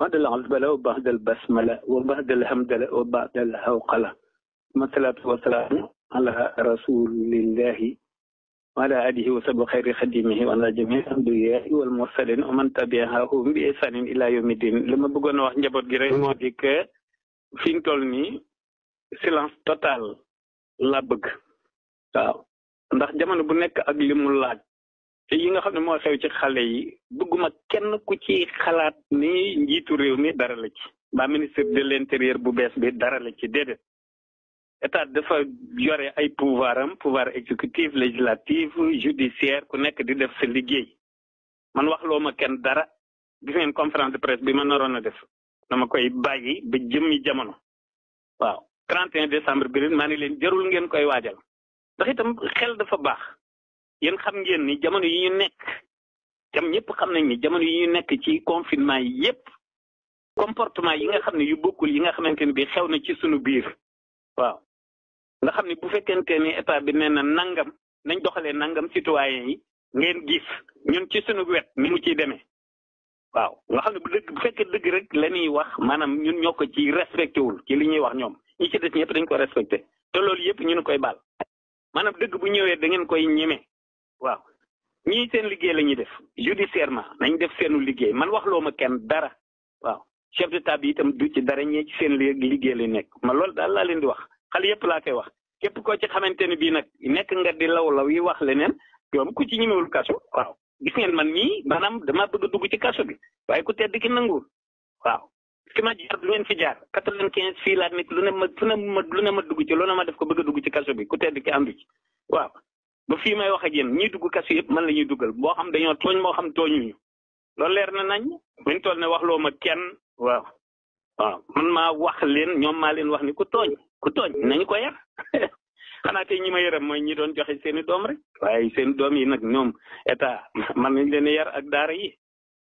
بعد العزبلة وبعد البسملة وبعد الهمدلة وبعد الهوقلة ثم الصلاة والسلام على رسول الله وعلى آله وصحبه خير خدمه وعلى جميع الأنبياء والمرسلين ومن تبعهم بإحسان إلى يوم الدين li ma bëggoon a wax njaboot gi rek moo di que fi ñu toll nii silence total laa bëgg waaw ndax jamono bu nekk ak li mu laaj te yi nga xam ne moo xew ci xale yi bëgguma kenn ku ci xalaat ni njiitu réew mi dara la ci mbaa ministre de l'intérieur bu bees bi dara la ci déedéet état dafa yore ay pouvoir am pouvoir exécutif législatif judiciaire ku nekk di def sa liggéey man wax loo ma kenn dara gis ngeen conférence de presse bi ma naroon a def dama koy bàyyi ba jëmmi jamono waaw 31 décembre bi maa ngi leen jarul ngeen koy waajal ndax xel dafa baax yéen xam ngeen ni jamono yi ñu nekk tam ñëpp xam nañ ni jamono yi ñu nekk ci confinement yi yépp comportement yi nga xam ne yu bokkul yi nga xamante ne bi xew na ci sunu biir waaw nga xam ne bu fekkente ni état bi nee na nangam nañ doxalee nangam citoyen yi ngeen gis ñun ci sunu wet ni mu ciy demee waaw nga xam ne bu dëgg bu fekkee dëgg rek la ñuy wax maanaam ñun ñoo ko ci respecté wul ci li ñuy wax ñoom ñi ci des ñëpp dañ ko respecté te loolu yëpp ñu koy baal maanaam dëgg bu ñëwee da ngeen koy ñeme waaw ñii seen liggéey la ñuy def judiciairement nañ def seenu liggéey man waxloo ma kenn dara waaw chef d'état bi tam du ci dara ñee ci seen liggéey la nekk ma loolu daal laa leen di wax xale yépp laa koy wax képp ko ci xamante ne bii nag nekk nga di law law yi wax leneen yoom ku ci ñemewul kaso waaw gis ngeen man nii maanaam damaa bëgg a dugg ci kaso bi waaye ku tedd ki nanguwul waaw fi ma jaar du ngeen fi jaar quatre-vingt-quinze fii laa nekk lu ne ma fu ma ma dugg ci loolu ma def ko bëgg dugg ci kaso bi ku tedd ki àndu waaw ba fii may wax ak yéen ñiy dugg kaso yëpp man la ñuy duggal boo xam dañoo tooñ moo xam tooñuñu loolu leer na nañ buñ toll ne waxloo ma kenn waaw waaw man maa wax leen ñoom maa leen wax ni ku tooñ ku tooñ nañ koy yar xanaa tey ñi ma yërëm mooy ñi doon joxe seeni doom rek waaye seeni doom yi nag ñoom état man nañ leen yar ak daara yi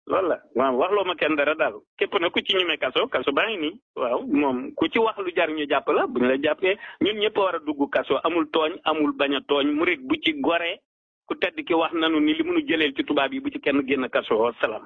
loolu la waaw waxloo ma kenn dara daal képp na ku ci ñemee kaso kaso baa ngi nii waaw moom ku ci wax lu jar ñu jàpp la bu ñu la jàppee ñun ñëpp war a dugg kaso amul tooñ amul baña a tooñ murit bu ci goree ku tedd ki wax nanu ni li mënu jëleel ci tubaab yi bu ci kenn génn kaso salaam